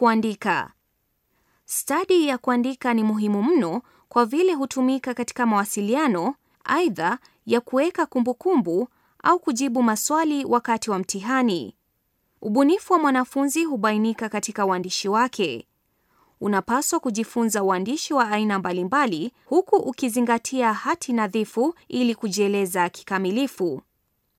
Kuandika. Stadi ya kuandika ni muhimu mno kwa vile hutumika katika mawasiliano, aidha ya kuweka kumbukumbu au kujibu maswali wakati wa mtihani. Ubunifu wa mwanafunzi hubainika katika uandishi wake. Unapaswa kujifunza uandishi wa aina mbalimbali huku ukizingatia hati nadhifu ili kujieleza kikamilifu.